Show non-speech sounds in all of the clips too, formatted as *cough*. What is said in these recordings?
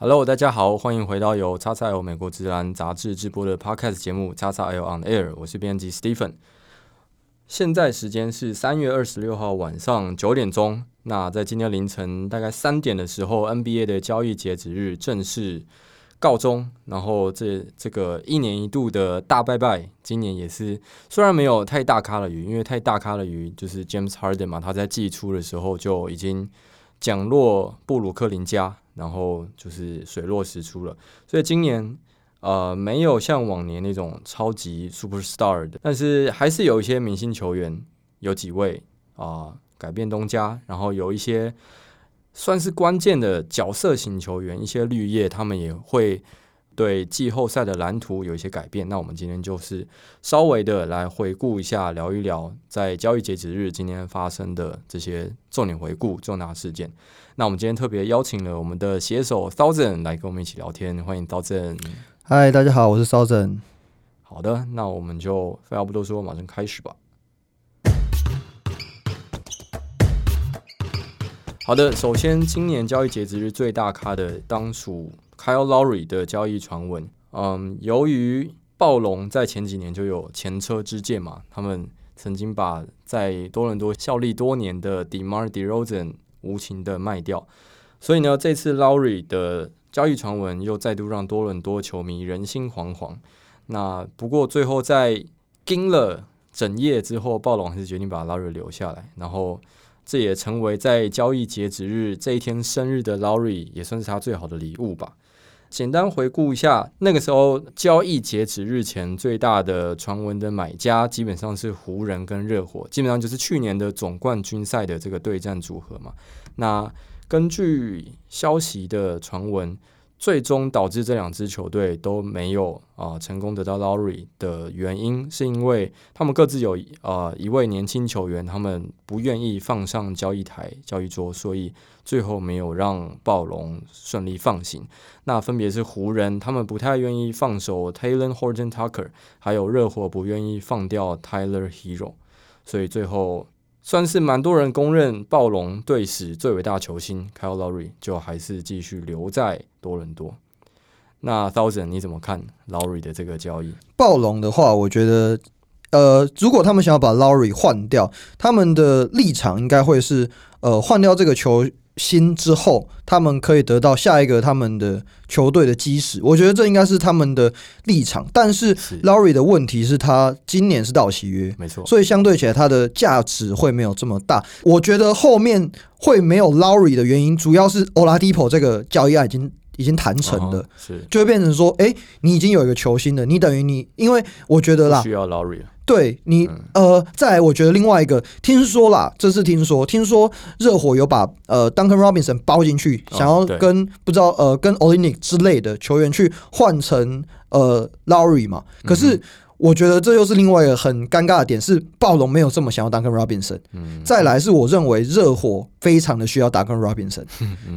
Hello，大家好，歡迎回到由《叉叉 L》美國職籃雜誌直播的 Podcast 節目《叉叉 L on Air》，我是編輯 Stephen。現在時間是三月二十六號晚上九點鐘。那在今天凌晨大概三點的時候，NBA 的交易截止日正式告終。然後這這個一年一度的大拜拜，今年也是雖然沒有太大咖的魚，因為太大咖的魚就是 James Harden 嘛，他在季初的時候就已經降落布魯克林家。然後就是水落石出了，所以今年呃沒有像往年那種超級 super star 的，但是還是有一些明星球員，有幾位啊、呃、改變東家，然後有一些算是關鍵的角色型球員，一些綠葉他們也會。對季後賽的藍圖有一些改變，那我們今天就是稍微的來回顧一下，聊一聊在交易截止日今天發生的這些重點回顧重大的事件。那我們今天特別邀請了我們的寫手 Thousand 來跟我們一起聊天，歡迎 Thousand。嗨，大家好，我是 Thousand。好的，那我們就廢話不多說，馬上開始吧。好的，首先今年交易截止日最大咖的當屬。Kyle Lowry 的交易傳聞，嗯，由於暴龍在前幾年就有前車之鑑嘛，他們曾經把在多倫多效力多年的 DeMar DeRozan 無情的賣掉，所以呢，這次 Lowry 的交易傳聞又再度讓多倫多球迷人心惶惶。那不過最後在盯了整夜之後，暴龍還是決定把 Lowry 留下來，然後這也成為在交易截止日這一天生日的 Lowry 也算是他最好的禮物吧。簡單回顧一下，那個時候交易截止日前最大的傳聞的買家，基本上是湖人跟熱火，基本上就是去年的總冠軍賽的這個對戰組合嘛。那根據消息的傳聞。最終導致這兩支球隊都沒有啊、呃、成功得到 Lowry 的原因，是因為他們各自有啊一、呃、一位年輕球員，他們不願意放上交易檯、交易桌，所以最後沒有讓暴龍順利放行。那分別是湖人，他們不太願意放手 Talen Horton-Tucker，還有熱火不願意放掉 Tyler Herro，所以最後。算是蠻多人公認暴龍隊史最偉大球星 Kyle Lowry，就還是繼續留在多倫多。那 Thousand，你怎麼看勞瑞的這個交易？暴龍的話，我覺得，呃，如果他們想要把勞瑞換掉，他們的立場應該會是，呃，換掉這個球。新之後，他們可以得到下一個他們的球隊的基石，我覺得這應該是他們的立場。但是 Lowry 的問題是他今年是到期約，沒錯，所以相對起來，他的價值會沒有這麼大。我覺得後面會沒有 Lowry 的原因，主要是 Oladipo 這個交易案已經。已經談成了，哦、是就會變成說，哎、欸，你已經有一個球星了，你等於你，因為我覺得啦，需要 Lowry 對你，嗯、呃，再來，我覺得另外一個，聽說啦，這次聽說，聽說熱火有把呃，Duncan Robinson 包進去，想要跟、哦、不知道呃，跟 Olynyk 之類的球員去換成呃，Lowry 嘛，可是。嗯我覺得這又是另外一個很尷尬的點是，暴龍沒有這麼想要 Duncan Robinson。再來是我認為熱火非常的需要 Duncan Robinson，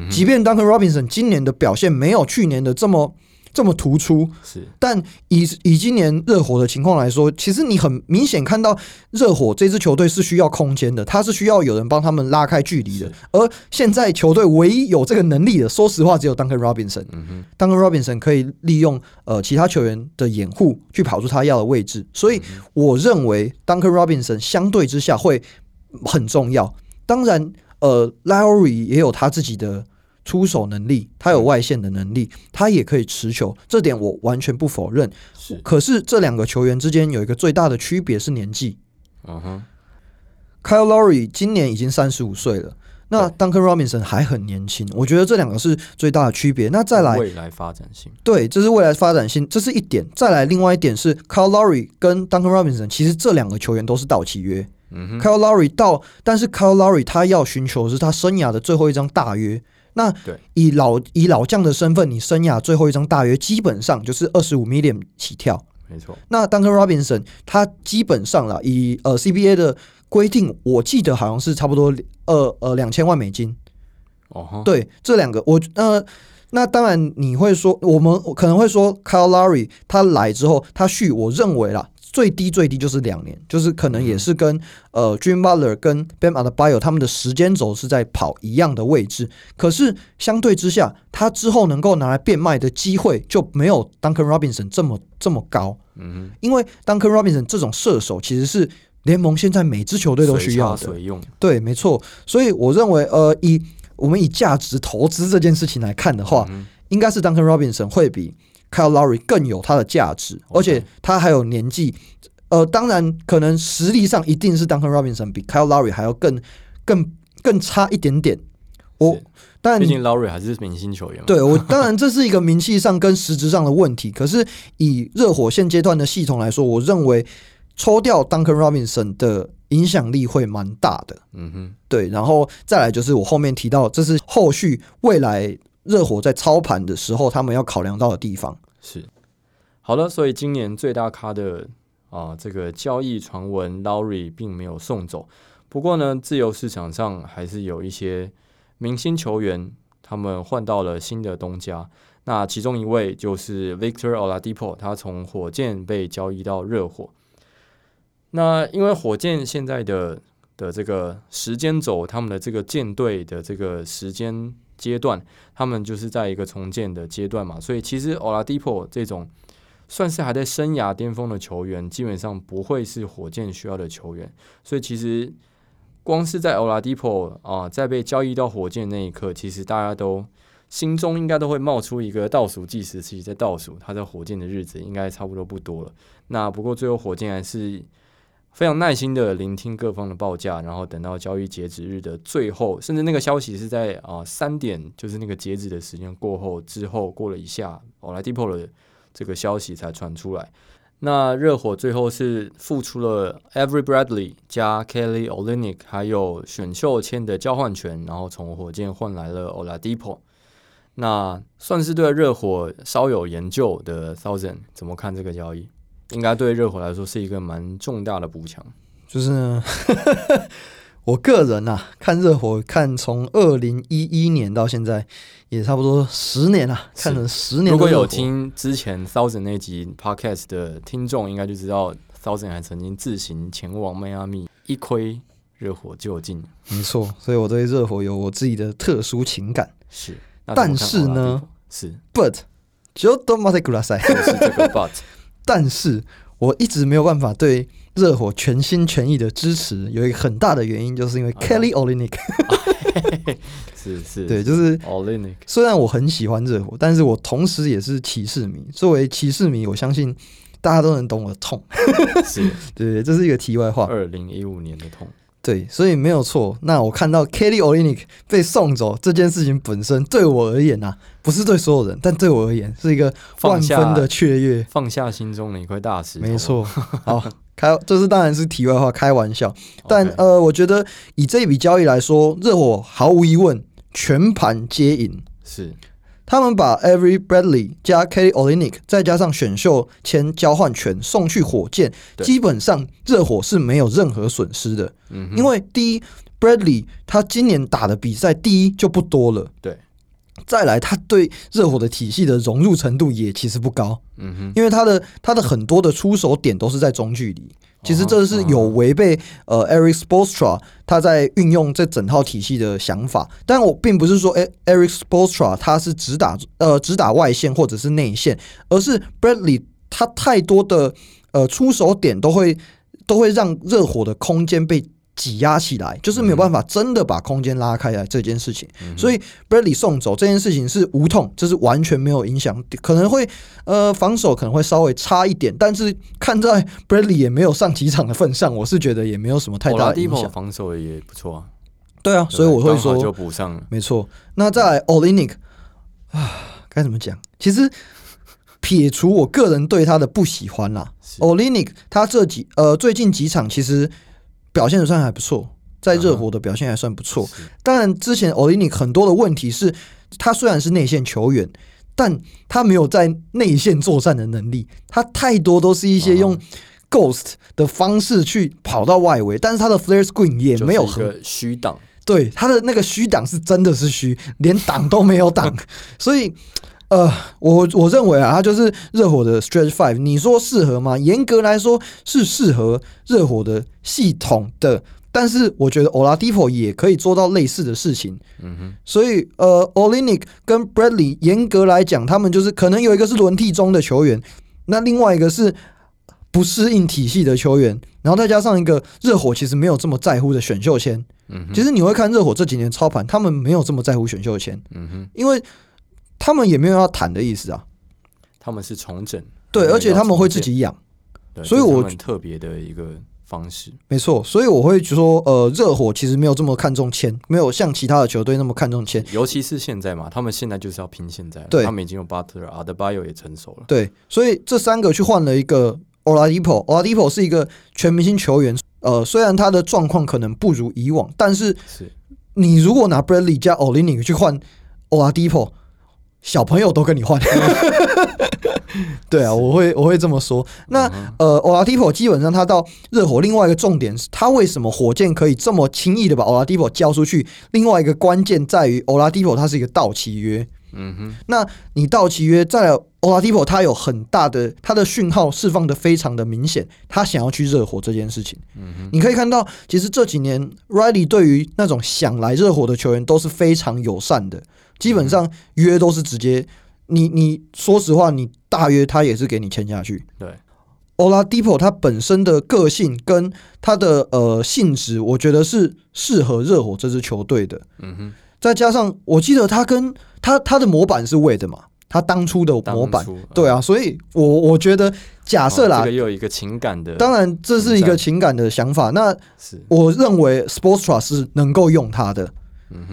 即便 Duncan Robinson 今年的表現沒有去年的這麼。這麼突出，是，但以、以今年熱火的情況來說，其實你很明顯看到熱火這支球隊是需要空間的，它是需要有人幫他們拉開距離的。是而現在球隊唯一有這個能力的，說實話，只有 Duncan Robinson。嗯哼，Duncan Robinson 可以利用呃其他球員的掩護去跑出他要的位置，所以我認為 Duncan Robinson 相對之下會很重要。當然，呃，Lowry 也有他自己的出手能力，他有外線的能力，嗯、他也可以持球，這點我完全不否認。是的可是這兩個球員之間有一個最大的區別是年紀。嗯哼、uh huh，Kyle Lowry 今年已經三十五歲了，那 Duncan Robinson 還很年輕。對我覺得這兩個是最大的區別。那再來未來發展性，對，這是未來發展性，這是一點。再來，另外一點是 Kyle Lowry 跟 Duncan Robinson，其實這兩個球員都是到期約。嗯哼，Kyle Lowry 到，但是 Kyle Lowry 他要尋求的是他生涯的最後一張大約。那對以老對以老將的身份，你生涯最後一張大約基本上就是二十五 million 起跳，沒錯錯。那 Duncan Robinson 他基本上啦，以呃 CBA 的規定，我記得好像是差不多呃呃兩千萬美金。哦、uh，huh. 對，這兩個我呃那當然你會說，我們可能會說 Kyle Lowry 他來之後他續，我認為啦。最低最低就是兩年，就是可能也是跟、嗯、呃 Jimmy Butler 跟 Bam Adebayo 他們的時間軸是在跑一樣的位置，可是相對之下，他之後能夠拿來變賣的機會就沒有 Duncan Robinson 這麼這麼高。嗯哼，因為 Duncan Robinson 這種射手其實是聯盟現在每支球隊都需要的。隨插隨用。對，沒錯。所以我認為，呃，以我們以價值投資這件事情來看的話，嗯嗯應該是 Duncan Robinson 會比。Kyle Lowry 更有他的價值，Okay. 而且他還有年紀，呃，當然可能實力上一定是 Duncan Robinson 比 Kyle Lowry 還要更、更、更差一點點。我當然，畢竟 Lowry 還是明星球員，對我當然這是一個名氣上跟實質上的問題。 *laughs* 可是以熱火現階段的系統來說，我認為抽掉 Duncan Robinson 的影響力會蠻大的。嗯哼，對，然後再來就是我後面提到，這是後續未來，熱火在操盤的時候，他們要考量到的地方是好了，所以今年最大咖的啊、呃，這個交易傳聞，Lowry 並沒有送走。不過呢，自由市場上還是有一些明星球員，他們換到了新的東家。那其中一位就是 Victor Oladipo，他從火箭被交易到熱火。那因為火箭現在的的這個時間軸，他們的這個建隊的這個時間。階段，他們就是在一個重建的階段嘛，所以其實歐拉迪波這種算是還在生涯巔峰的球員，基本上不會是火箭需要的球員。所以其實光是在歐拉迪波啊在被交易到火箭那一刻，其實大家都心中應該都會冒出一個倒數計時器，在倒數他在火箭的日子應該差不多不多了。那不過最後火箭還是，非常耐心的聆聽各方的報價，然後等到交易截止日的最後，甚至那個消息是在啊三點，就是那個截止的時間過後之後過了一下，Oladipo 的這個消息才傳出來。那熱火最後是付出了 Avery Bradley 加 Kelly Olynyk 還有選秀簽的交換權，然後從火箭換來了 Oladipo。那算是對熱火稍有研究的 Thousand 怎麼看這個交易？應該對熱火來說是一個蠻重大的補強。就是呢呵呵我個人啊，看熱火，看從二零一一年到現在，也差不多十年了、啊，是看了十年。如果有聽之前 Thousand 那集 Podcast 的聽眾，應該就知道 Thousand 還曾經自行前往邁阿密一窺熱火究竟。沒錯，所以我對熱火有我自己的特殊情感。是，但是呢，是 But 就是這個 But。 *laughs* 但是我一直沒有辦法對熱火全心全意的支持，有一個很大的原因，就是因為 Kelly Okay. Olynyk 是是，是對，就是 Olynyk 雖然我很喜歡熱火，但是我同時也是騎士迷。作為騎士迷，我相信大家都能懂我的痛。 *laughs* 是，對，這是一個題外話。二零一五年的痛。對，所以沒有錯。那我看到 Kelly Olynyk 被送走這件事情本身，對我而言吶、啊，不是對所有人，但對我而言是一個萬分的雀躍，放下心中的一塊大石。沒錯，好 *laughs* 開，這、就是當然是題外話，開玩笑。但 Okay 呃，我覺得以這筆交易來說，熱火毫無疑問全盤皆贏。是。他們把 Avery Bradley 加 Kelly Olynyk 再加上選秀簽交換權送去火箭，對基本上熱火是沒有任何損失的。嗯哼，因為第一，Bradley 他今年打的比賽第一就不多了。對，再來他對熱火的體系的融入程度也其實不高。嗯哼，因為他的他的很多的出手點都是在中距離。其實這是有違背呃，Eric Spoelstra 他在運用這整套體系的想法。但我並不是說、a，哎，Eric Spoelstra 他是只打呃只打外線或者是內線，而是 Bradley 他太多的呃出手點都會都會讓熱火的空間被擠壓起來，就是沒有辦法真的把空間拉開來這件事情。嗯、哼所以，Bradley 送走這件事情是無痛，這、就是完全沒有影響。可能會呃防守可能會稍微差一點，但是看在 Bradley 也沒有上幾場的份上，我是覺得也沒有什麼太大的影響。地防守也不錯啊，對啊，對啊所以我會說就補上了，沒錯。那在 Olynyk 啊，該怎麼講？其實撇除我個人對他的不喜歡啦 Olynyk 他這幾呃最近幾場其實。表現的算還不錯，在熱火的表現還算不錯。當然、啊，之前 Olynyk 很多的問題是，他雖然是內線球員，但他沒有在內線作戰的能力。他太多都是一些用 ghost 的方式去跑到外圍，啊、但是他的 flare screen 也沒有，和虛擋。對，他的那個虛擋是真的是虛，連擋都沒有擋， *laughs* 所以。呃，我我認為啊，他就是熱火的 Stretch Five，你說適合嗎？嚴格來說是適合熱火的系統的，但是我覺得 Oladipo 也可以做到類似的事情。嗯哼，所以呃，Olynyk 跟 Bradley 嚴格來講，他們就是可能有一個是輪替中的球員，那另外一個是不適應體系的球員，然後再加上一個熱火其實沒有這麼在乎的選秀籤。嗯哼，其實你會看熱火這幾年操盤，他們沒有這麼在乎選秀籤。嗯哼，因為。他們也沒有要談的意思啊，他們是重整，對，而且他們會自己養，對所以我很特別的一個方式，沒錯，所以我會說，呃，熱火其實沒有這麼看重簽，沒有像其他的球隊那麼看重簽，尤其是現在嘛，他們現在就是要拼現在了，對他們已經有巴特勒、阿德巴約也成熟了，對，所以這三個去換了一個奧拉迪波，奧拉迪波是一個全明星球員，呃，雖然他的狀況可能不如以往，但是你如果拿布雷迪加奧利尼去換奧拉迪波。小朋友都跟你換， *laughs* *laughs* 對啊，我會我會這麼說。那、嗯、哼呃，Oladipo 基本上他到熱火，另外一個重點是，他為什麼火箭可以這麼輕易的把 Oladipo 交出去？另外一個關鍵在於，Oladipo 他是一個到期約。嗯哼，那你到期約在 Oladipo 他有很大的他的訊號釋放的非常的明顯，他想要去熱火這件事情。嗯哼，你可以看到，其實這幾年 Riley 對於那種想來熱火的球員都是非常友善的。基本上約都是直接，你你說實話，你大約他也是給你簽下去。對，歐拉迪普他本身的個性跟他的呃性質，我覺得是適合熱火這支球隊的。嗯哼，再加上我記得他跟他他的模板是韋德嘛，他當初的模板。嗯、對啊，所以我我覺得假設啦，這個、又有一個情感的，當然這是一個情感的想法。那我認為 Sports Trust 是能夠用他的。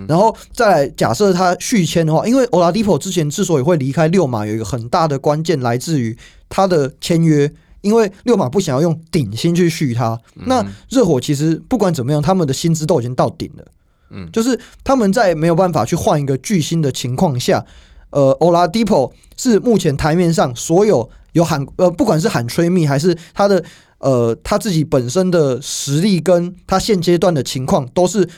然後再來，假設他續簽的話，因為 Oladipo 之前之所以會離開六馬，有一個很大的關鍵來自於他的簽約，因為六馬不想要用頂薪去續他。那熱火其實不管怎麼樣，他們的薪資都已經到頂了，嗯，就是他們在沒有辦法去換一個巨星的情況下，呃，Oladipo 是目前台面上所有有喊呃，不管是喊吹密還是他的呃他自己本身的實力跟他現階段的情況都是。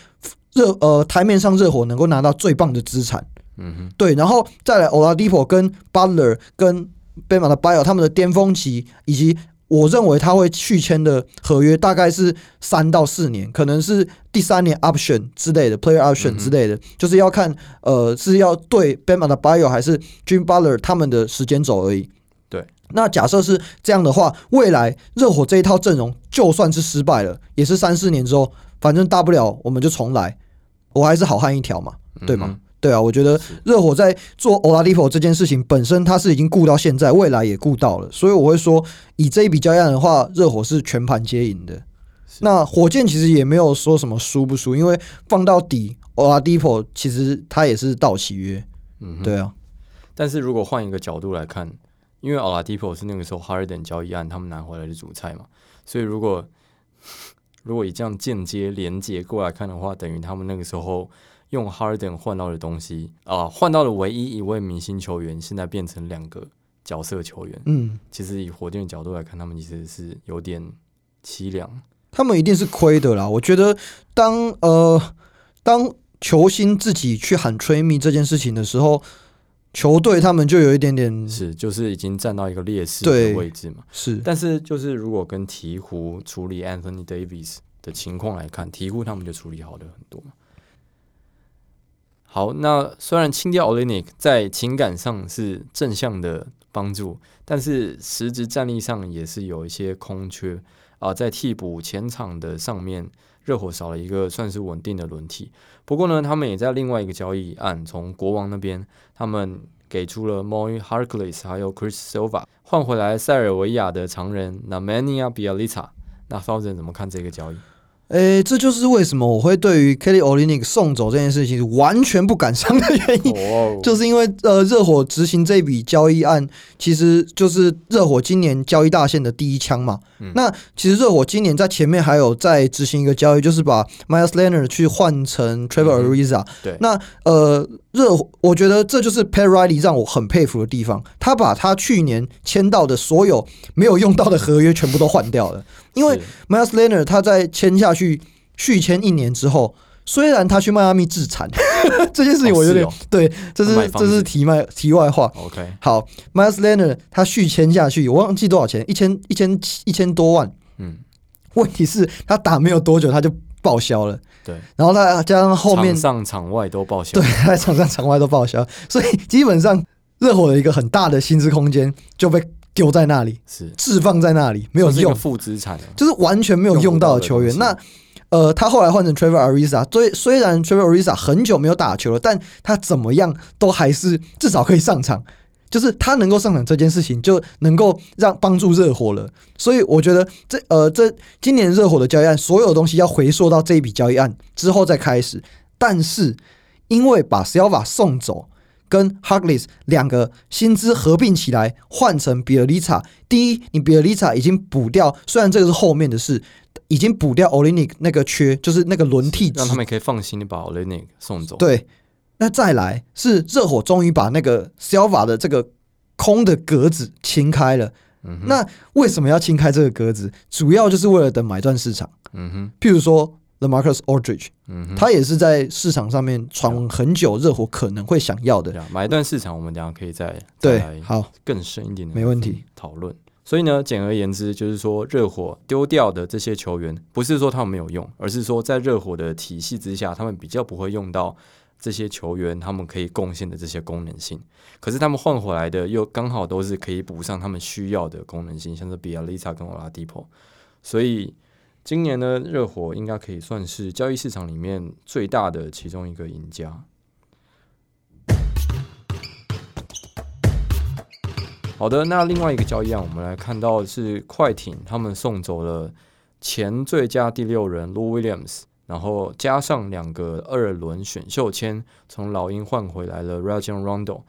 熱呃，台面上熱火能夠拿到最棒的資產，嗯哼，對，然後再來 Oladipo 跟 Butler 跟 Bam Adebayo 他們的巔峰期，以及我認為他會續簽的合約大概是三到四年，可能是第三年 option 之類的，player option 之類的，嗯、哼就是要看呃是要對 Bam Adebayo 還是 Jim Butler 他們的時間走而已。對，那假設是這樣的話，未來熱火這一套陣容就算是失敗了，也是三四年之後。反正大不了我們就重來，我還是好漢一條嘛，對嗎？嗯、哼對啊，我覺得熱火在做奧拉迪波這件事情本身，他是已經顧到現在，未來也顧到了，所以我會說，以這一筆交易案的話，熱火是全盤皆贏的。是那火箭其實也沒有說什麼輸不輸，因為放到底奧拉迪波其實他也是到期約，嗯哼，對啊。但是如果換一個角度來看，因為奧拉迪波是那個時候哈登交易案他們拿回來的主菜嘛，所以如果如果以這樣間接連接過來看的話，等於他們那個時候用哈登換到的東西啊，換、呃、到了唯一一位明星球員，現在變成兩個角色球員。嗯，其實以火箭的角度來看，他們其實是有點淒涼。他們一定是虧的啦。我覺得當，當呃當球星自己去喊 trade me 這件事情的時候。球隊他們就有一點點是，就是已經站到一個劣勢的位置嘛。對是，但是就是如果跟鵜鶘處理 Anthony Davis 的情況來看，鵜鶘他們就處理好了很多。好，那雖然清掉 Olynyk 在情感上是正向的幫助，但是實質戰力上也是有一些空缺啊，呃，在替補前場的上面，熱火少了一個算是穩定的輪替。不過呢，他們也在另外一個交易案，從國王那邊，他們給出了 Moe Harkless 還有 Chris Silva 換回來塞爾維亞的常人 Nemanja Bjelica 那 Thousand 怎麼看這個交易？哎、欸，這就是為什麼我會對於 Kelly Olynyk 送走這件事情完全不感傷的原因，哦哦哦哦就是因為呃，熱火執行這筆交易案，其實就是熱火今年交易大限的第一槍嘛。嗯、那其實熱火今年在前面還有在執行一個交易，就是把 Meyers Leonard 去換成 Trevor Ariza，嗯。對那，那呃。熱，我覺得這就是 Pat Riley 讓我很佩服的地方。他把他去年簽到的所有沒有用到的合約全部都換掉了。 *laughs* 是因為 Meyers Leonard 他在簽下去續簽一年之後，雖然他去邁阿密致殘， *laughs* 這件事情我有點、哦哦、對，這是這是題外題外話。OK，好，Meyers Leonard 他續簽下去，我忘記多少錢，一千一千一千多萬。嗯、問題是他打沒有多久他就報銷了。對，然後他加上後面場上場外都報銷，對，他在場上場外都報銷，所以基本上熱火的一個很大的薪資空間就被丟在那裡，是置放在那裡沒有用，負資產，就是完全沒有用到的球員。那呃，他後來換成 Trevor Ariza，雖雖然 Trevor Ariza 很久沒有打球了，但他怎麼樣都還是至少可以上場。就是他能夠上場這件事情，就能夠讓幫助熱火了。所以我覺得這呃，這今年熱火的交易案，所有東西要回溯到這一筆交易案之後再開始。但是因為把 Silva 送走，跟 Harkless 兩個薪資合併起來換成 Bjelica，第一，你 Bjelica 已經補掉，雖然這個是後面的事，已經補掉 Olynyk 那個缺，就是那個輪替，讓他們可以放心的把 Olynyk 送走。對。那再來是熱火終於把那個 Silva 的這個空的格子清開了。嗯、哼那為什麼要清開這個格子？主要就是為了等買斷市場。嗯哼，譬如說 LaMarcus Aldridge，他、嗯、哼也是在市場上面傳聞很久，熱火可能會想要的買斷市場。我們等下可以再對好更深一點的討論沒問題討論。所以呢，簡而言之就是說，熱火丟掉的這些球員，不是說他們沒有用，而是說在熱火的體系之下，他們比較不會用到。這些球員他們可以貢獻的這些功能性，可是他們換回來的又剛好都是可以補上他們需要的功能性，像是比亞利察跟奧拉迪波。所以今年呢，熱火應該可以算是交易市場裡面最大的其中一個贏家。好的，那另外一個交易案，我們來看到是快艇他們送走了前最佳第六人盧威廉斯，然後加上兩個二輪選秀簽，從老鷹換回來了 Rajon Rondo。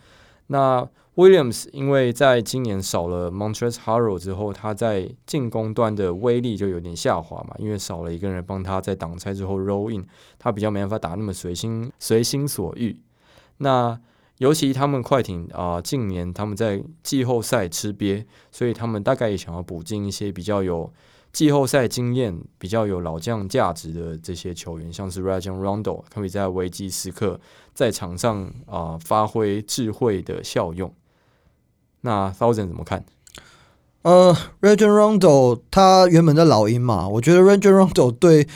那 Williams 因為在今年少了 Montrezl Harrell 之後，他在進攻端的威力就有點下滑嘛，因為少了一個人幫他在擋拆之後 roll in，他比較沒辦法打那麼隨心隨心所欲。那尤其他們快艇啊、呃，近年他們在季後賽吃鱉，所以他們大概也想要補進一些比較有。季後賽經驗比較有老將價值的這些球員，像是 Rajon Rondo 可以在危機時刻在場上啊、呃、發揮智慧的效用。那 Thousand 怎麼看？呃 Rajon Rondo 他原本在老鷹嘛，我覺得 Rajon Rondo 對。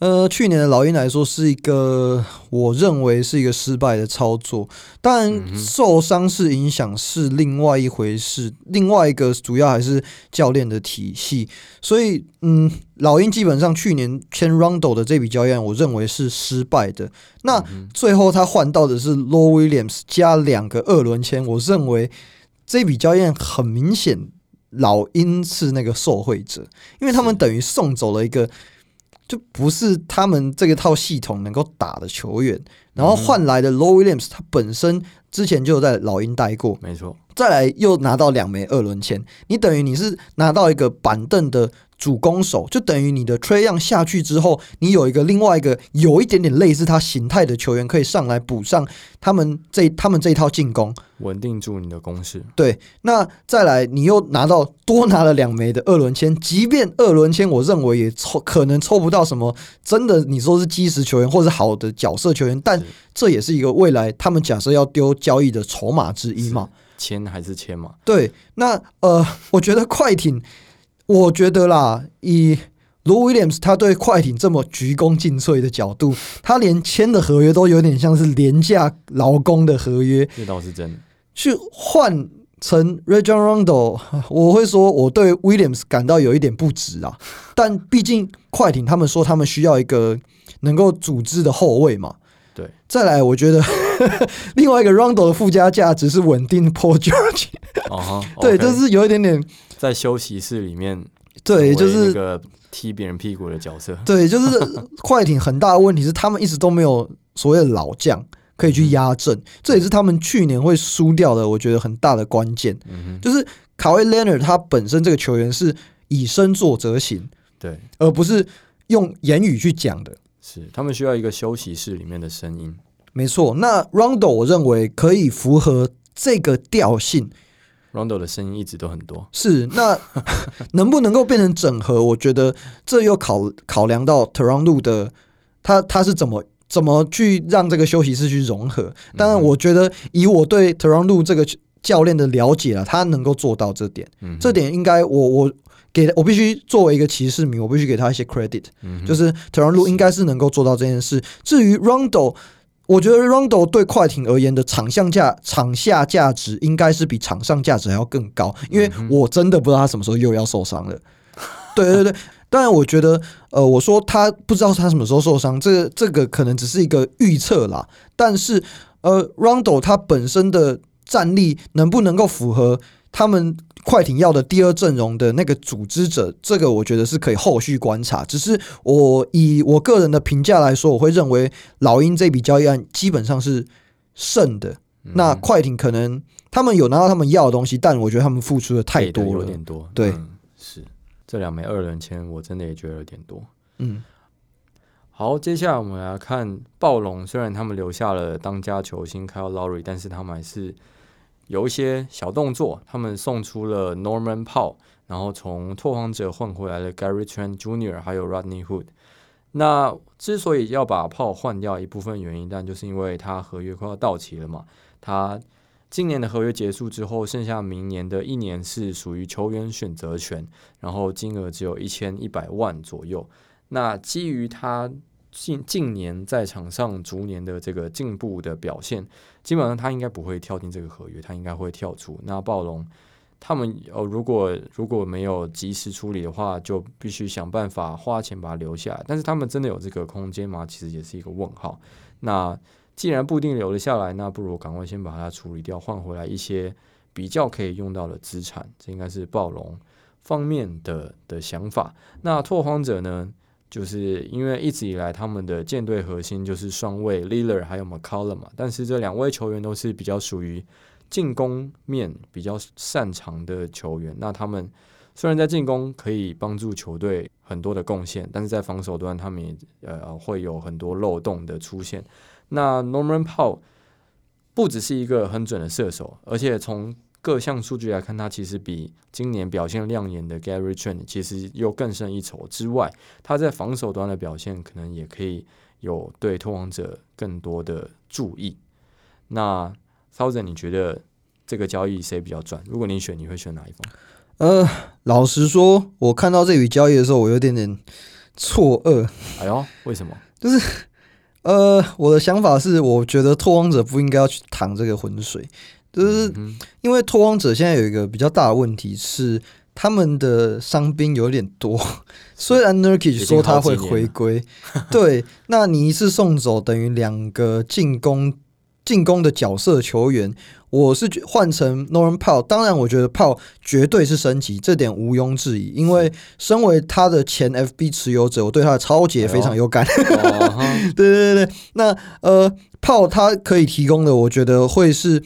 呃，去年的老鷹來說是一個，我認為是一個失敗的操作，當然，受傷是影響是另外一回事。另外一個主要還是教練的體系。所以，嗯，老鷹基本上去年簽 Rondo 的這筆交易，我認為是失敗的。那最後他換到的是 Lou Williams 加兩個二輪籤，我認為這筆交易很明顯，老鷹是那個受惠者，因為他們等於送走了一個。就不是他們這一套系統能夠打的球員，嗯、然後換來的 Lou Williams 他本身之前就在老鷹待過，沒錯 錯，再來又拿到兩枚二輪簽，你等於你是拿到一個板凳的。主攻手就等於你的 tray 樣下去之後，你有一個另外一個有一點點類似他形態的球員可以上來補上他們這他們這一套進攻，穩定住你的攻勢。對，那再來你又拿到多拿了兩枚的二輪籤，即便二輪籤我認為也抽可能抽不到什麼真的你說是基石球員或是好的角色球員，但這也是一個未來他們假設要丟交易的籌碼之一嘛。籤還是籤嘛。對，那呃，我覺得快艇。我覺得啦，以羅威廉姆斯他對快艇這麼鞠躬盡瘁的角度，他連簽的合約都有點像是廉價勞工的合約。這倒是真的。去換成 Rajon Rondo，我會說我對 Williams 感到有一點不值啊。但畢竟快艇他們說他們需要一個能夠組織的後衛嘛。對。再來，我覺得。 *laughs* *laughs* 另外一個 Rondo 的附加價值是穩定 Paul George， *laughs* uh、huh, *laughs* 對，就 okay 是有一點點在休息室裡面，對，就是一個踢別人屁股的角色， *laughs* 對，就是快艇很大的問題是他們一直都沒有所謂的老將可以去壓陣，嗯、這也是他們去年會輸掉的，我覺得很大的關鍵，嗯哼，就是卡威 Leonard 他本身這個球員是以身作則型，對，而不是用言語去講的，是他們需要一個休息室裡面的聲音。沒錯，那 Rondo 我認為可以符合這個調性。Rondo 的聲音一直都很多，是那 *laughs* 能不能夠變成整合？我覺得這又考考量到 Tyronn Lue 的他他是怎麼怎麼去讓這個休息室去融合？嗯、哼當然，我覺得以我對 Tyronn Lue 這個教練的了解啦，他能夠做到這點。嗯哼，這點應該我我給，我必須作為一個騎士迷，我必須給他一些 credit、嗯哼。嗯，就是 Tyronn Lue 應該是能夠做到這件事。是至於 Rondo。我覺得 Rondo 對快艇而言的場上價場下價值應該是比場上價值還要更高，因為我真的不知道他什麼時候又要受傷了。 *laughs* 對對對，當然我覺得，呃，我說他不知道他什麼時候受傷，這個、這個可能只是一個預測啦。但是，呃，Rondo 他本身的戰力能不能夠符合？他們快艇要的第二陣容的那個組織者，這個我覺得是可以後續觀察。只是我以我個人的評價來說，我會認為老鷹這筆交易案基本上是勝的。嗯、那快艇可能他們有拿到他們要的東西，但我覺得他們付出的太多了，有點多。對，嗯、是這兩枚二輪簽，我真的也覺得有點多。嗯，好，接下來我們來看暴龍。雖然他們留下了當家球星 Kyle Lowry，但是他們還是。有一些小動作，他們送出了 Norman Powell，然後從拓荒者換回來了 Gary Trent Jr. 還有 Rodney Hood。那之所以要把炮換掉一部分原因，但就是因為他合約快要到期了嘛。他今年的合約結束之後，剩下明年的一年是屬於球員選擇權，然後金額只有一千一百萬左右。那基於他。近近年在場上逐年的這個進步的表現，基本上他應該不會跳進這個合約，他應該會跳出。那暴龍他們哦、呃，如果如果沒有及時處理的話，就必須想辦法花錢把它留下來。但是他們真的有這個空間嗎？其實也是一個問號。那既然不一定留得下來，那不如趕快先把它處理掉，換回來一些比較可以用到的資產。這應該是暴龍方面的的想法。那拓荒者呢？就是因為一直以來他們的建隊核心就是雙衛 Lillard 還有 McCollum 嘛，但是這兩位球員都是比較屬於進攻面比較擅長的球員，那他們雖然在進攻可以幫助球隊很多的貢獻，但是在防守端他們也呃會有很多漏洞的出現。那 Norman Powell 不只是一個很準的射手，而且從各項數據來看，它其實比今年表現亮眼的 Gary Trent 其實又更勝一籌。之外，他在防守端的表現可能也可以有對拓荒者更多的注意。那濤子，1000，你覺得這個交易誰比較賺？如果你選，你會選哪一方？呃，老實說，我看到這筆交易的時候，我有點點錯愕。哎呦，為什麼？就是呃，我的想法是，我覺得拓荒者不應該要去趟這個渾水。就是因為拓荒者現在有一個比較大的問題是，他們的傷兵有點多。雖然 Nurkic 說他會回歸，對，那你一次送走等於兩個進攻進攻的角色球員。我是換成 Norman Powell，當然我覺得 Powell 絕對是升級，這點毋庸置疑。因為身為他的前 FB 持有者，我對他的抄截也非常有感，哦、 *laughs* 對對對，對，那呃，Powell 他可以提供的，我覺得會是。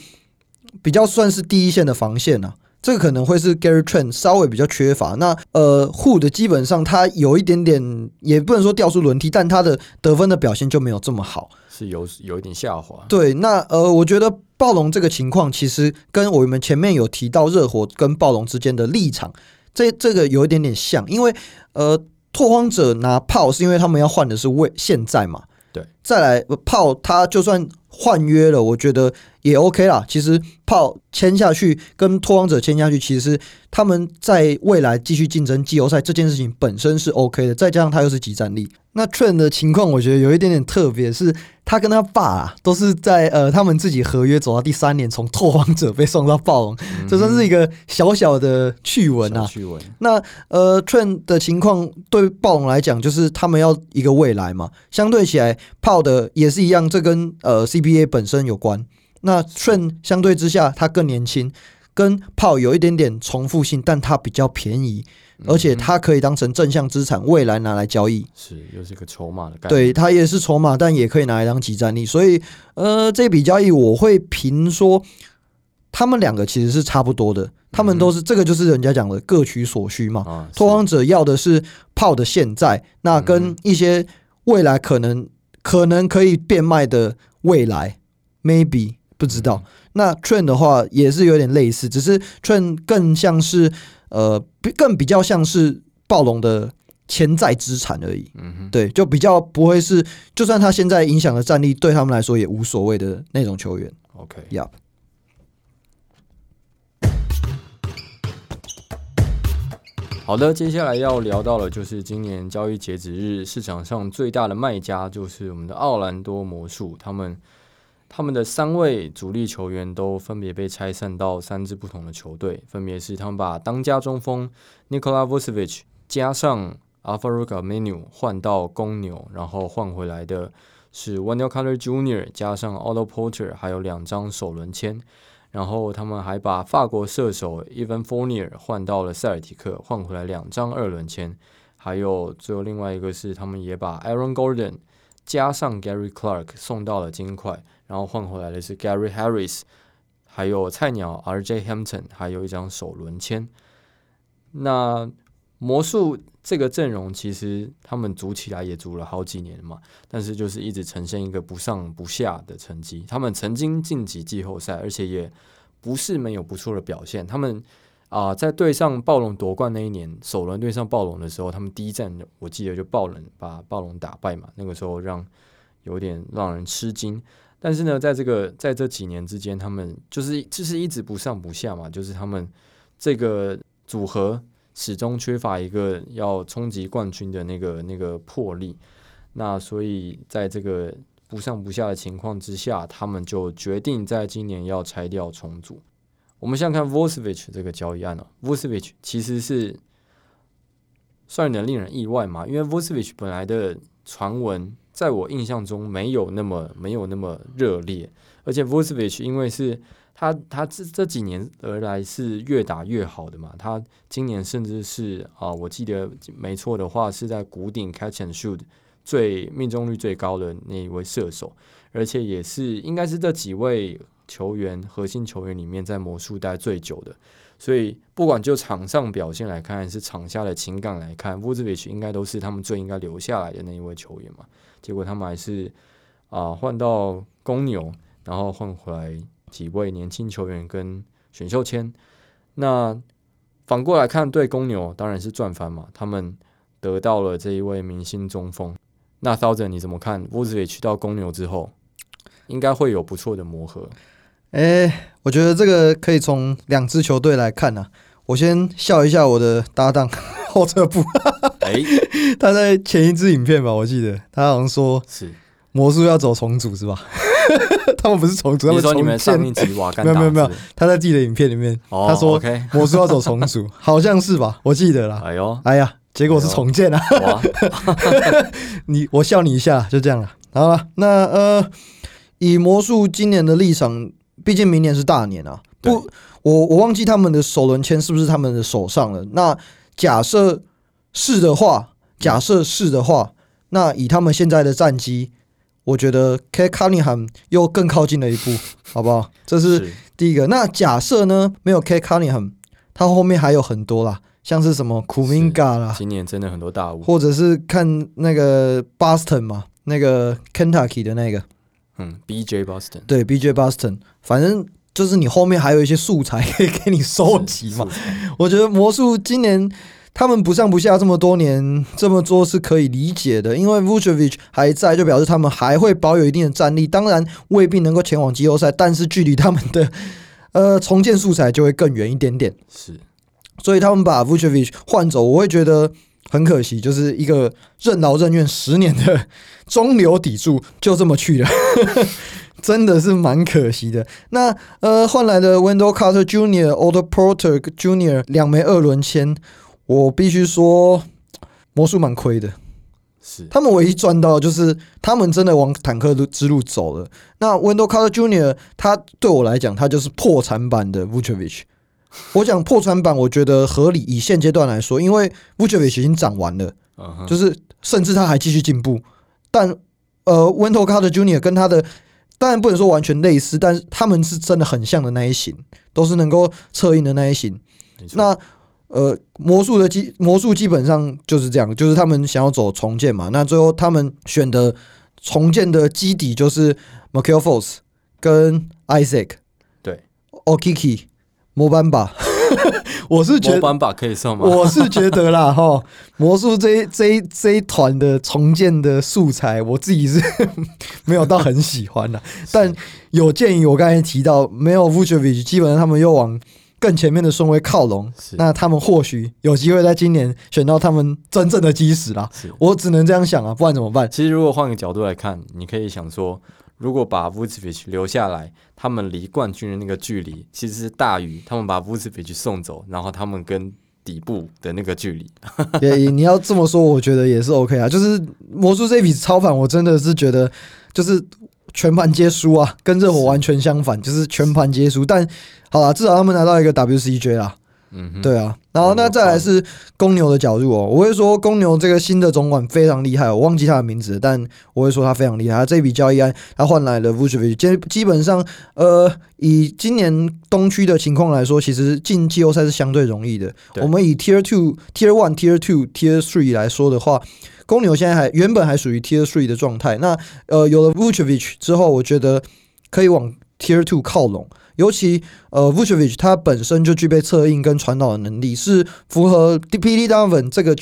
比較算是第一線的防線啊，這個可能會是 Gary Trent 稍微比較缺乏。那呃，Hood 基本上他有一點點，也不能說掉出輪替，但他的得分的表現就沒有這麼好，是有有一點下滑。對，那呃，我覺得暴龍這個情況其實跟我們前面有提到熱火跟暴龍之間的立場，這這個有一點點像，因為呃，拓荒者拿炮是因為他們要換的是位現在嘛。對，再來炮他就算換約了，我覺得。也 OK 啦，其實炮簽下去跟拓荒者簽下去，其實他們在未來繼續競爭季後賽這件事情本身是 OK 的，再加上他又是即戰力。那 Trent 的情況，我覺得有一點點特別，是他跟他爸、啊、都是在呃他們自己合約走到第三年，從拓荒者被送到暴龍，這、嗯、哼算是一個小小的趣聞啊。趣聞。那呃 Trent 的情況對暴龍來講，就是他們要一個未來嘛，相對起來炮的也是一樣，這跟呃 CBA 本身有關。那 Trent 相對之下，它更年輕，跟炮有一點點重複性，但它比較便宜，而且它可以當成正向資產，未來拿來交易。是，又是一個籌碼的概念。對，它也是籌碼，但也可以拿來當即戰力。所以，呃，這筆交易我會評說，他們兩個其實是差不多的。他們都是、嗯、這個，就是人家講的各取所需嘛。拓荒、啊、者要的是炮的現在，那跟一些未來可能、嗯、可能可以變賣的未來，maybe。不知道，那 Trent 的話也是有點類似，只是 Trent 更像是呃，更比較像是暴龍的潛在資產而已。嗯哼，對，就比較不會是，就算他現在影響的戰力對他們來說也無所謂的那種球員。OK，Yep。好的，接下來要聊到了，就是今年交易截止日市場上最大的賣家就是我們的奧蘭多魔術，他們。他們的三位主力球員都分別被拆散到三支不同的球隊，分別是他們把當家中鋒 Nikola Vucevic 加上 Al-Farouq Aminu 換到公牛，然後換回來的是 Wendell Carter Jr. 加上 Otto Porter 還有兩張首輪簽，然後他們還把法國射手 Evan Fournier 換到了塞爾提克，換回來兩張二輪簽，還有最後另外一個是他們也把 Aaron Gordon 加上 Gary Clark 送到了金塊，然後換回來的是 Gary Harris，還有菜鳥 RJ Hampton，還有一張首輪簽。那魔術這個陣容其實他們組起來也組了好幾年嘛，但是就是一直呈現一個不上不下的成績。他們曾經晉級季後賽，而且也不是沒有不錯的表現。他們啊、呃，在對上暴龍奪冠那一年，首輪對上暴龍的時候，他們第一戰我記得就爆冷把暴龍打敗嘛，那個時候讓有點讓人吃驚。但是呢，在這個在這幾年之間，他們就是就是一直不上不下嘛，就是他們這個組合始終缺乏一個要衝擊冠軍的那個那個魄力。那所以在這個不上不下的情況之下，他們就決定在今年要拆掉重組。我們現在看 Vucevic 這個交易案啊，Vucevic 其實是算有點令人意外嘛，因為 Vucevic 本來的傳聞。在我印象中，沒有那麼沒有那麼熱烈，而且 Vucevic 因為是他他這這幾年而來是越打越好的嘛，他今年甚至是啊，我記得沒錯的話，是在谷頂 Catch and Shoot 最命中率最高的那一位射手，而且也是應該是這幾位球員核心球員裡面在魔術待最久的。所以，不管就場上表現來看，還是場下的情感來看，Vucevic 應該都是他們最應該留下來的那一位球員嘛。結果他們還是啊換、呃、到公牛，然後換回來幾位年輕球員跟選秀簽。那反過來看，對公牛當然是賺翻嘛，他們得到了這一位明星中鋒。那濤子，你怎麼看 Vucevic 到公牛之後，應該會有不錯的磨合？哎、欸，我覺得這個可以從兩支球隊來看呢、啊。我先笑一下我的搭檔後撤步，哦欸、 *laughs* 他在前一支影片吧，我記得他好像說是魔術要走重組是吧？ *laughs* 他們不是重組，你說你們他們重建。沒有沒有沒有，他在自己的影片裡面，oh, 他說 okay. 魔術要走重組， *laughs* 好像是吧？我記得了。哎呦，哎呀，結果是重建啊！ *laughs* 你我笑你一下，就這樣了。好了，那呃，以魔術今年的立場。畢竟明年是大年啊，不，對我我忘記他們的首輪簽是不是他們的手上了。那假設是的話，假設是的話，嗯、那以他們現在的戰績，我覺得 K c a r n h a 很 Cade Cunningham 又更靠近了一步， *laughs* 好不好？這是第一個。是那假設呢，沒有 K c a r n h a 很 Cade Cunningham，他後面還有很多啦，像是什麼 Kuminga 啦，今年真的很多大物，或者是看那個 Boston 嘛，那個 Kentucky 的那個。嗯，BJ Boston 對 BJ Boston，反正就是你後面還有一些素材可以給你收集嘛。我覺得魔術今年他們不上不下這麼多年這麼做是可以理解的，因為 Vucevic 還在，就表示他們還會保有一定的戰力。當然未必能夠前往季後賽，但是距離他們的呃重建素材就會更遠一點點。是，所以他們把 Vucevic 換走，我會覺得。很可惜，就是一個任勞任怨十年的中流砥柱就這麼去了， *laughs* 真的是蠻可惜的。那呃換來的 Wendell Carter Jr.、Otto Porter Jr. 兩枚二輪籤，我必須說魔術蠻虧的。是他們唯一賺到，就是他們真的往坦克之路走了。那 Wendell Carter Jr. 他對我來講，他就是破產版的 Vucevic。我講破產版，我覺得合理。以現階段來說，因為 Vučević 已經漲完了，uh huh. 就是甚至他還繼續進步。但呃 Wendell Carter Jr. 跟他的當然不能說完全類似，但是他們是真的很像的那一型，都是能夠策應的那一型。錯那呃，魔術的基魔術基本上就是這樣，就是他們想要走重建嘛。那最後他們選的重建的基底就是 Markelle 對 Fultz 跟 Isaac，對，Okeke。模板吧， *laughs* 我是覺得模板可以上嗎？我是覺得啦，哈，魔術這這一團的重建的素材，我自己是沒有到很喜歡的，但有鑑於我剛才提到，沒有 Vučević，基本上他們又往更前面的順位靠攏，那他們或許有機會在今年選到他們真正的基石啦。我只能這樣想啊，不然怎麼辦？其實如果換個角度來看，你可以想說。如果把烏 u c e v, v i 留下來，他們離冠軍的那個距離其實是大於他們把烏 u c e v, v i 送走，然後他們跟底部的那個距離。對 *laughs* ，yeah, 你要這麼說，我覺得也是 OK 啊。就是魔術這筆超反，我真的是覺得就是全盤皆輸啊，跟熱火完全相反，是就是全盤皆輸。但好了，至少他們拿到一個 WCJ 啦。嗯，對啊，然後那再來是公牛的角度哦。嗯、我會說公牛這個新的總管非常厲害，哦，我忘記他的名字，但我會說他非常厲害。他這筆交易，他換來了 Vucevic，基基本上，呃，以今年東區的情況來說，其實進季後賽是相對容易的。對我們以 Tier Two、Tier One、Tier Two、Tier Three 來說的話，公牛現在還原本還屬於 Tier Three 的狀態。那呃，有了 Vucevic 之後，我覺得可以往 Tier Two 靠攏。尤其，呃，Vucevic 他本身就具備策應跟傳導的能力，是符合 D.P.D. Donovan 這個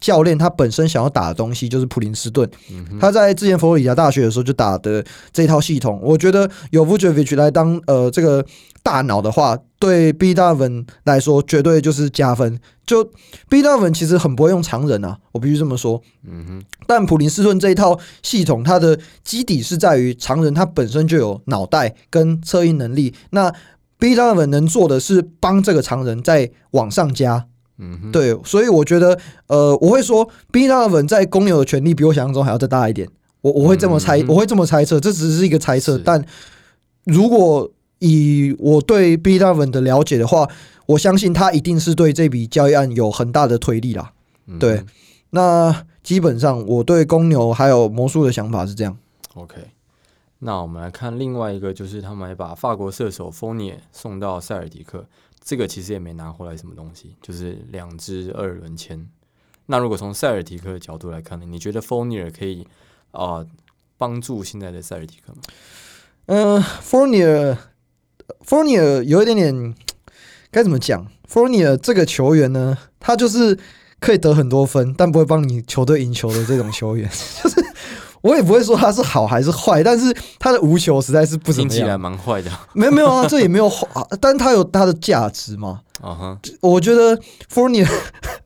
教練他本身想要打的東西，就是普林斯頓。嗯、哼他在之前佛羅里達大學的時候就打的這套系統，我覺得有 Vucevic 來當呃這個。大腦的話，對 B 大文來說絕對就是加分。就 B 大文其實很不會用常人啊，我必須這麼說。嗯哼。但普林斯頓這一套系統，它的基底是在於常人他本身就有腦袋跟策應能力。那 B 大文能做的是幫這個常人再往上加。嗯哼。對，所以我覺得，呃，我會說 B 大文在公牛的權力比我想象中還要再大一點。我我會這麼猜，嗯、哼我會這麼猜測，這只是一個猜測。是但如果以我對 B DAVIN 的了解的話，我相信他一定是對這筆交易案有很大的推力啦。嗯、對，那基本上我對公牛還有魔術的想法是這樣。OK，那我們來看另外一個，就是他們還把法國射手 Fournier 送到塞爾迪克，這個其實也沒拿回來什麼東西，就是兩支二輪簽。那如果從塞爾迪克的角度來看呢，你覺得 Fournier 可以啊、呃、幫助現在的塞爾迪克嗎？嗯、呃、Fournier Fournier 有一點點該怎麼講？Fournier 這個球員呢，他就是可以得很多分，但不會幫你球隊贏球的這種球員。 *laughs* 就是我也不會說他是好還是壞，但是他的無球實在是不怎麼樣，聽起來蠻壞的。沒有沒有啊，這也沒有壞、 *laughs* 啊，但是他有他的價值嘛。啊、uh huh. 我覺得 Fournier，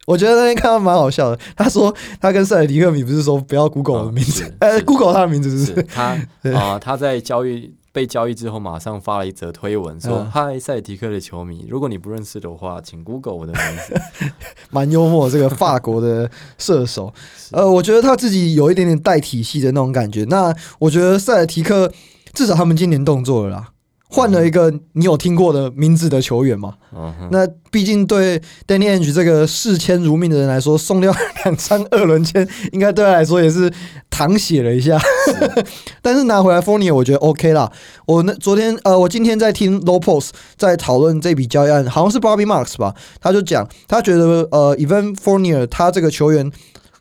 我覺得那天看他蠻好笑的。他說他跟塞爾迪克米不是說不要 Google 的名字，呃，Google 他的名字是，不是，是他對啊，他在交易，被交易之後，馬上發了一則推文，說：“嗨，塞爾提克的球迷，如果你不認識的話，請 Google 我的名字。”蠻 *laughs* 幽默，這個法國的射手， *laughs* 是呃，我覺得他自己有一點點帶體系的那種感覺。那我覺得塞爾提克至少他們今年動作了啦。換了一個你有聽過的名字的球員嘛。Uh huh. 那畢竟對 Danny Ainge 這個視籤如命的人來說，送掉兩張二輪籤，應該對他來說也是淌血了一下。Uh huh. *laughs* 但是拿回來 Fournier，我覺得 OK 啦。我那昨天呃，我今天在聽 Low Post 在討論這筆交易案，好像是 Bobby Marks 吧？他就講他覺得呃，Evan Fournier 他這個球員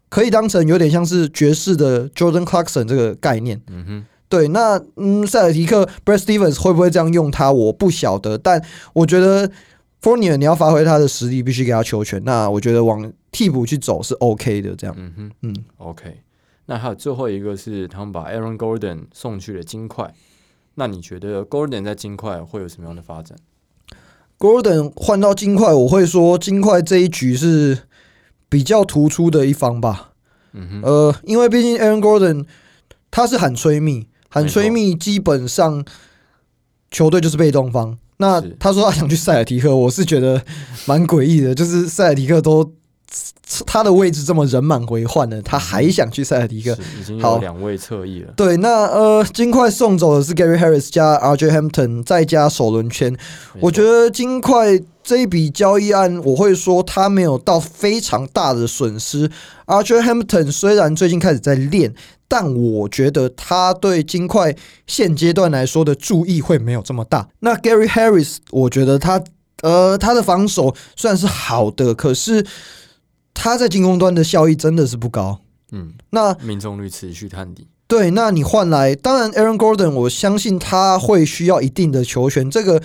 可以當成有點像是爵士的 Jordan Clarkson 這個概念。嗯哼、uh。Huh. 對，那嗯，塞爾提克 Brad Stevens 會不會這樣用他，我不曉得。但我覺得 Fournier，你要發揮他的實力，必須給他球權。那我覺得往替補去走是 OK 的，這樣。嗯哼，嗯，OK。那還有最後一個是他們把 Aaron Gordon 送去了金塊。那你覺得 Gordon 在金塊會有什麼樣的發展？Gordon 換到金塊，我會說金塊這一局是比較突出的一方吧。嗯哼，呃，因為畢竟 Aaron Gordon 他是很催命。韓吹密，基本上球隊就是被動方。那他說他想去塞爾提克，是我是覺得蠻詭異的。 *laughs* 就是塞爾提克都他的位置這麼人滿為患了，他還想去塞爾提克，已經有兩位側翼了。對，那呃，金塊送走的是 Gary Harris 加 RJ Hampton 再加首輪籤，錯我覺得金塊。這一筆交易案，我會說他沒有到非常大的損失。Archer Hampton 雖然最近開始在練，但我覺得他對金塊現階段來說的注意會沒有這麼大。那 Gary Harris，我覺得他呃他的防守算是好的，可是他在進攻端的效益真的是不高。嗯，那命中率持續探底，對，那你換來當然 Aaron Gordon，我相信他會需要一定的球權這個。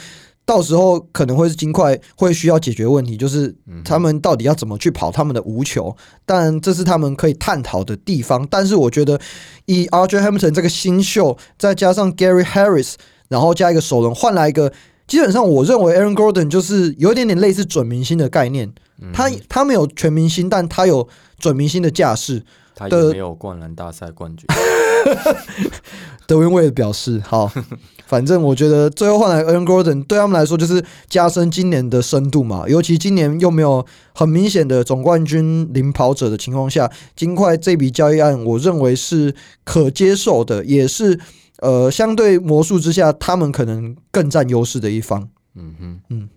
到時候可能會是金塊會需要解決問題，就是他們到底要怎麼去跑他們的無球。但這是他們可以探討的地方。但是我覺得以 RJ Hampton 這個新秀，再加上 Gary Harris，然後加一個首輪換來一個，基本上我認為 Aaron Gordon 就是有一點點類似準明星的概念。嗯、哼他他沒有全明星，但他有準明星的架勢。他也沒有灌籃大賽冠軍。德文衛表示好。 *laughs* 反正我覺得最後換來 Aaron Gordon 對他們來說就是加深今年的深度嘛，尤其今年又沒有很明顯的總冠軍領跑者的情況下，金塊這筆交易案我認為是可接受的，也是呃相對魔術之下他們可能更占優勢的一方。嗯哼，嗯。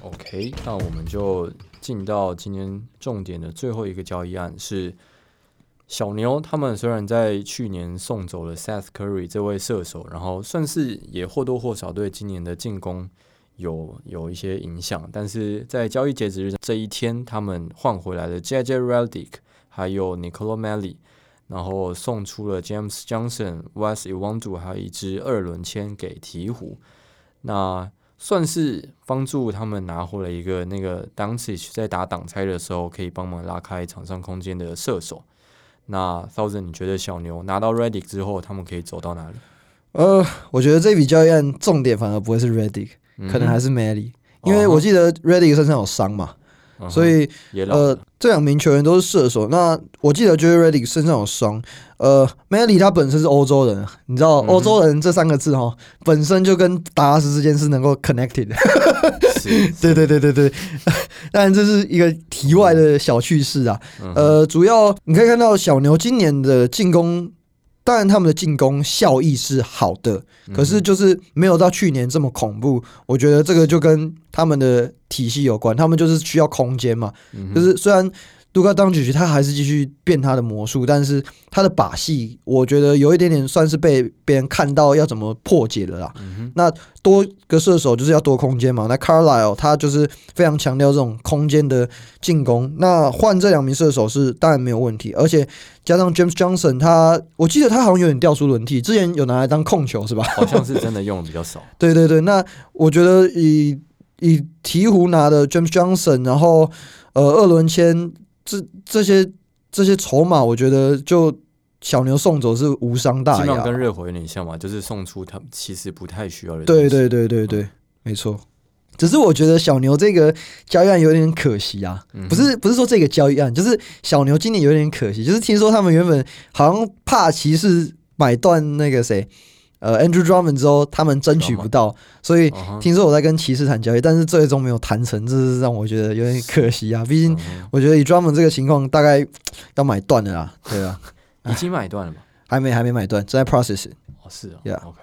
OK，那我們就進到今天重點的最後一個交易案是。小牛他們雖然在去年送走了 Seth Curry 這位射手，然後算是也或多或少對今年的進攻有有一些影響，但是在交易截止日這一天，他們換回來了 JJ Redick，還有 Niccolo Melli，然後送出了 James Johnson、Wes Iwundu，還有一支二輪簽給鵜鶘，那算是幫助他們拿回了一個那個 Doncic 在打擋拆的時候可以幫忙拉開場上空間的射手。那邵子，你覺得小牛拿到 Redick 之後，他們可以走到哪裡？呃，我覺得這筆交易案重點反而不會是 Redick，可能還是 Melli，因為我記得 Redick 身上有傷嘛。嗯哼 Uh、huh, 所以，呃，這兩名球員都是射手。那我記得 JJ Redick 身上有傷，呃 Melli 他本身是歐洲人，你知道歐洲人這三個字哈，嗯、哼本身就跟達拉斯之間是能夠 connected 的 *laughs* 是。是，對對對對對。當然這是一個題外的小趣事啊。嗯、哼呃，主要你可以看到小牛今年的進攻。當然，他們的進攻效益是好的，可是就是沒有到去年這麼恐怖。嗯、哼我覺得這個就跟他們的體系有關，他們就是需要空間嘛，嗯、哼就是雖然。如果當主席，他還是繼續變他的魔術，但是他的把戲，我覺得有一點點算是被別人看到要怎麼破解的啦。嗯、哼那多個射手就是要多空間嘛。那 Carlyle 他就是非常強調這種空間的進攻。那換這兩名射手是當然沒有問題，而且加上 James Johnson，他我記得他好像有點掉出輪替，之前有拿來當控球是吧？好像是真的用的比較少。 *laughs* 對對對，那我覺得以以鵜鶘拿的 James Johnson，然後呃二輪籤。這這些這些籌碼，我覺得就小牛送走是無傷大雅，跟熱火有點像嘛，就是送出他們其實不太需要人。對對對對對，沒錯。只是我覺得小牛這個交易案有點可惜啊，不是不是說這個交易案，就是小牛今年有點可惜，就是聽說他們原本好像怕騎士買斷那個誰。呃，Andrew Drummond 之後，他們爭取不到，所以聽說我在跟騎士談交易，但是最終沒有談成，這是讓我覺得有點可惜啊。畢竟我覺得以 Drummond 這個情況，大概要買斷了啦。對吧？已經買斷了嗎？還沒，還沒買斷，正在 process。哦，是啊。Yeah, OK.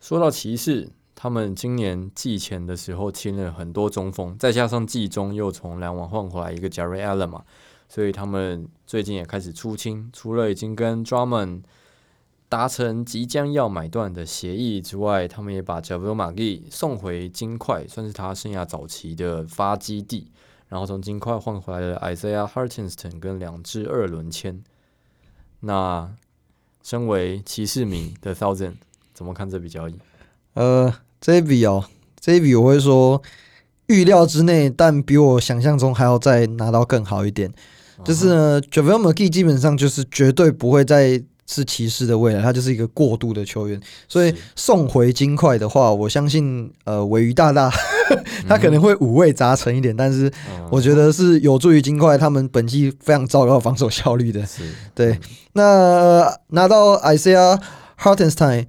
說到騎士，他們今年季前的時候簽了很多中鋒，再加上季中又從籃網換回來一個 Jerry Allen 嘛，所以他們最近也開始出清，除了已經跟 Drummond。達成即將要買斷的協議之外，他們也把 JaVale McGee 送回金塊，算是他生涯早期的發基地。然後從金塊換回來的 Isaiah Hartenstein 跟兩支二輪簽。那身為騎士名的 Thousand 怎麼看這筆交易？呃，這一筆哦，這一筆我會說預料之內，但比我想象中還要再拿到更好一點。就是呢，JaVale McGee 基本上就是絕對不會再。是騎士的未來，他就是一個過渡的球員，所以送回金塊的話，我相信呃韋於大大他可能會五味雜陳一點，嗯、但是我覺得是有助於金塊他們本季非常糟糕的防守效率的。嗯、對，那拿到 Isaiah Hartenstein。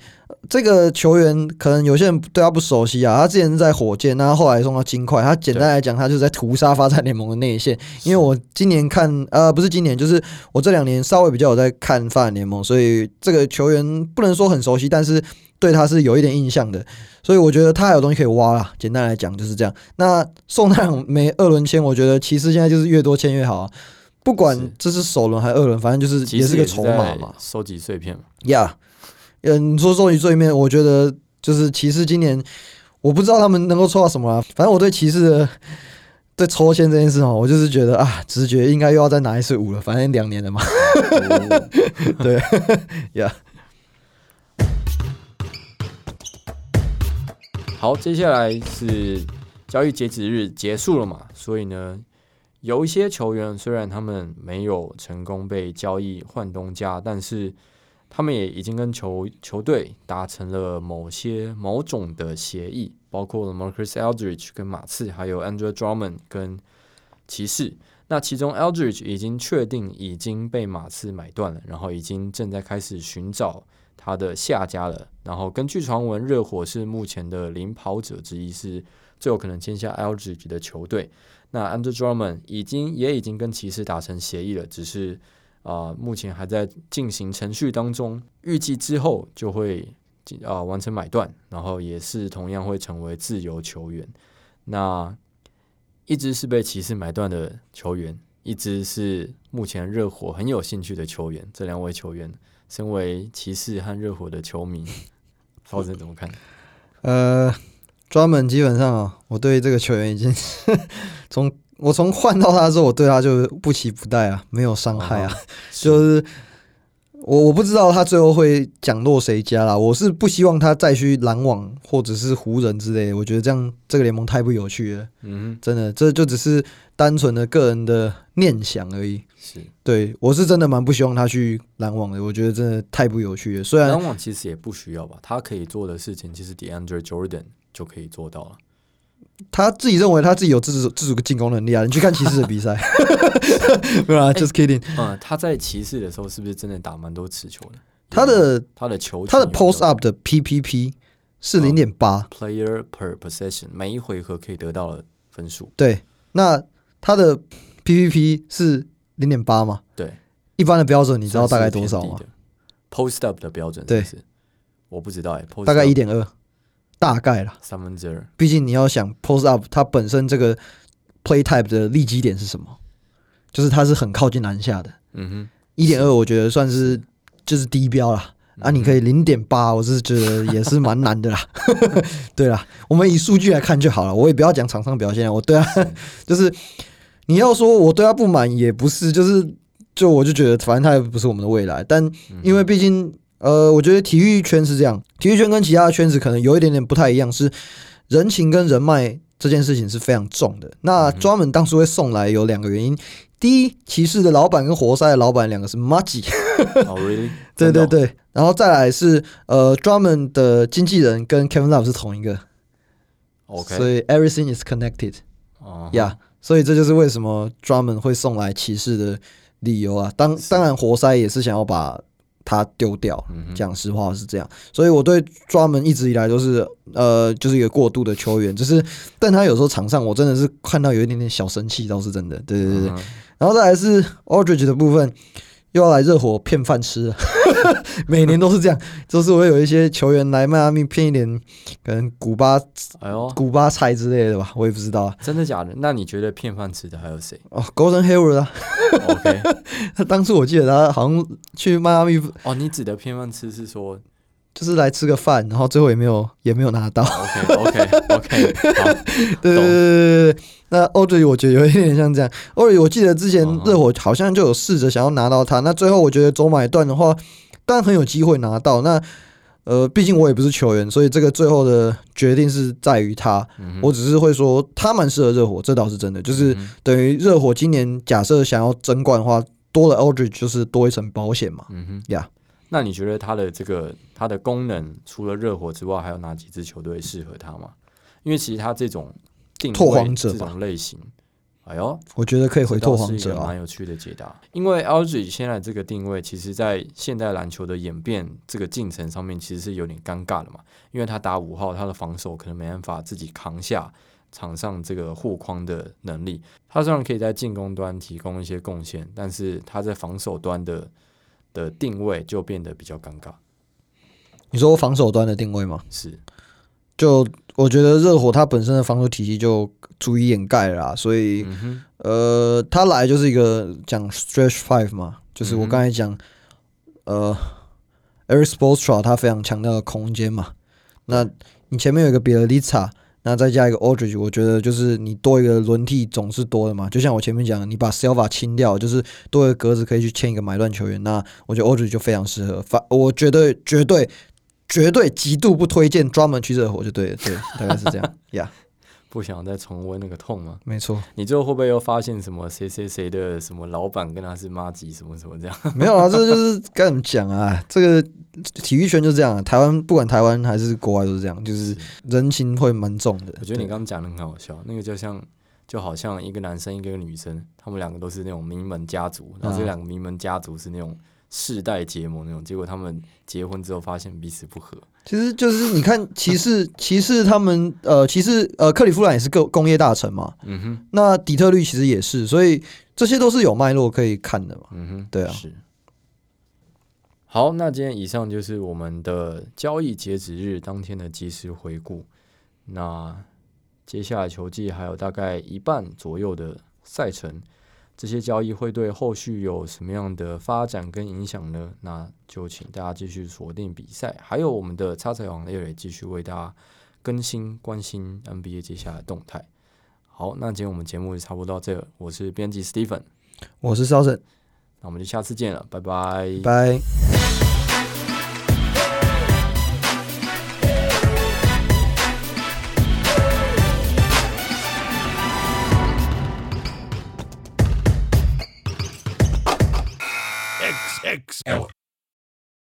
這個球員可能有些人對他不熟悉啊，他之前是在火箭，然後後來送到金塊。他簡單來講，對他就是在屠殺發展聯盟的內線。因為我今年看，呃，不是今年，就是我這兩年稍微比較有在看發展聯盟，所以這個球員不能說很熟悉，但是對他是有一點印象的。所以我覺得他還有東西可以挖啦。簡單來講就是這樣。那送那沒二輪簽，我覺得其實現在就是越多簽越好啊，不管這是首輪還是二輪，反正就是也是個籌碼嘛，收集碎片嘛，呀。嗯，yeah, 你說說於這一面，我覺得就是騎士今年，我不知道他們能夠抽到什麼啊，反正我對騎士的對抽籤這件事哈，我就是覺得啊，直覺應該又要再拿一次五了。反正兩年了嘛， *laughs* *laughs* 對呀。 *laughs* Yeah 好，接下來是交易截止日結束了嘛，所以呢，有一些球員雖然他們沒有成功被交易換東家，但是。他們也已經跟球球隊達成了某些某種的協議，包括了 Marcus Aldridge 跟馬刺，還有 Andre Drummond 跟騎士。那其中 Aldridge 已經確定已經被馬刺買斷了，然後已經正在開始尋找他的下家了。然後根據傳聞，熱火是目前的領跑者之一，是最有可能簽下 Aldridge 的球隊。那 Andre Drummond 已經也已經跟騎士達成協議了，只是。啊、呃，目前還在進行程序當中，預計之後就會啊、呃、完成買斷，然後也是同樣會成為自由球員。那一只是被騎士買斷的球員，一只是目前熱火很有興趣的球員。這兩位球員，身為騎士和熱火的球迷，Thousand *laughs* 怎麼看？呃，專門基本上啊、哦，我對這個球員已經從。 *laughs* 我從換到他之後，我對他就不期不待啊，沒有傷害啊，啊哦、是 *laughs* 就是我我不知道他最後會講落誰家啦，我是不希望他再去籃網或者是湖人之類的，我覺得這樣這個聯盟太不有趣了。嗯，真的，這就只是單純的個人的念想而已。是，對我是真的蠻不希望他去籃網的，我覺得真的太不有趣了。雖然籃網其實也不需要吧，他可以做的事情其實 DeAndre Jordan 就可以做到了。他自己認為他自己有自主自主的進攻能力啊！你去看騎士的比賽，沒有啊？just kidding 啊！他在騎士的時候是不是真的打蠻多持球的？他的他的球有有他的 post up 的 PPP 是零點八 player per possession，每一回合可以得到的分數。對，那他的 PPP 是零點八嗎？對，一般的標準你知道大概多少嗎？Post up 的標準是是？對，是我不知道哎，欸，大概一點二。大概了三分之二，畢竟你要想 post up，它本身這個 play type 的利基點是什麼？就是它是很靠近籃下的，嗯哼，一點二我覺得算是，是就是低標了。那、嗯哼啊、你可以零點八，我是覺得也是蠻難的啦。 *laughs* *laughs* 對啦，我們以數據來看就好了，我也不要講場上表現。我對他，嗯、哼就是你要說我對他不滿也不是，就是就我就覺得反正他也不是我們的未來，但因為畢竟。呃，我覺得體育圈是這樣，體育圈跟其他的圈子可能有一點點不太一樣，是人情跟人脈這件事情是非常重的。那 Drummond 當時會送來有兩個原因，第一，騎士的老闆跟活塞的老闆兩個是麻吉對對對，然後再來是呃，Drummond 的經紀人跟 Kevin Love 是同一個，OK，所以 Everything is connected，哦、yeah, uh，呀、huh.，所以這就是為什麼 Drummond 會送來騎士的理由啊。當當然，活塞也是想要把他丟掉。講實話是這樣，嗯、哼所以我對抓門一直以來都是，呃，就是一個過渡的球員，就是，但他有時候場上我真的是看到有一點點小生氣，倒是真的，對對對，對、嗯、哼然後再來是 Aldridge 的部分。又要來熱火騙飯吃， *laughs* *laughs* 每年都是這樣，就是我會有一些球員來邁阿密騙一點，可能古巴，哎呦，古巴菜之類的吧，我也不知道啊，真的假的？那你覺得騙飯吃的還有誰？哦，Golden Hair 啊 *laughs* ，OK，他當初我記得他好像去邁阿密，哦，你指的騙飯吃是說。就是來吃個飯，然後最後也沒有，也沒有拿到。OK OK OK， *laughs* 好， *laughs* 對對對對對對那 Lowry 我覺得有一點點像這樣，Lowry 我記得之前熱火好像就有試着想要拿到他，uh huh. 那最後我覺得走買斷的話，當然很有機會拿到。那呃，畢竟我也不是球員，所以這個最後的決定是在於他。嗯、哼我只是會說他蠻適合熱火，這倒是真的。就是等於熱火今年假設想要爭冠的話，多了 Lowry 就是多一層保險嘛。嗯哼，Yeah。那你覺得他的這個他的功能，除了熱火之外，還有哪幾支球隊適合他嗎？因為其實他這種定位拓荒者這種類型，哎呦，我覺得可以回拓荒者。啊，蠻有趣的解答。因為 Aldridge 現在這個定位，其實，在現代籃球的演變這個進程上面，其實是有點尷尬的嘛。因為他打五號，他的防守可能沒辦法自己扛下場上這個護框的能力。他雖然可以在進攻端提供一些貢獻，但是他在防守端的。的定位就變得比較尷尬。你說我防守端的定位嗎？是，就我覺得熱火他本身的防守體系就足以掩蓋了啦，所以、嗯、哼呃，他來就是一個講 stretch five 嘛，就是我剛才講、嗯、呃，Eric Spoelstra 他非常強調的空間嘛，那你前面有一個比爾利查，那再加一個 Aldridge 我覺得就是你多一個輪替總是多的嘛。就像我前面講的，你把 Silva 清掉，就是多一個格子可以去簽一個買斷球員。那我覺得 Aldridge 就非常適合。反，我覺得絕對、絕對、絕對極度不推薦專門去熱火就對了，對，大概是這樣 *laughs* ，Yeah。不想再重溫那個痛嗎？沒錯 錯，你最後會不會又發現什麼誰誰誰的什麼老闆跟他是麻吉什麼什麼這樣？沒有啊，這就是該怎麼講啊？ *laughs* 這個體育圈就這樣、啊，台灣不管台灣還是國外都是這樣，就是人情會蠻重的。是 對 我覺得你剛剛講的很好笑，對 那個就像就好像一個男生一個女生，他們兩個都是那種名門家族，然後這兩個名門家族是那種世代結盟那種，嗯啊、結果他們結婚之後發現彼此不合。其實就是你看騎士，騎士他們呃，騎士呃，克里夫蘭也是個工業大城嘛，嗯哼，那底特律其實也是，所以這些都是有脈絡可以看的嘛，嗯哼，對啊，好，那今天以上就是我們的交易截止日當天的即時回顧，那接下來球季還有大概一半左右的賽程。這些交易會對後續有什麼樣的發展跟影響呢？那就請大家繼續鎖定比賽，還有我們的叉彩網也繼續為大家更新關心 NBA 接下來的動態。好，那今天我們節目就差不多到這，我是編輯 Steven，我是肖沈，那我們就下次見了，拜拜拜。Bye.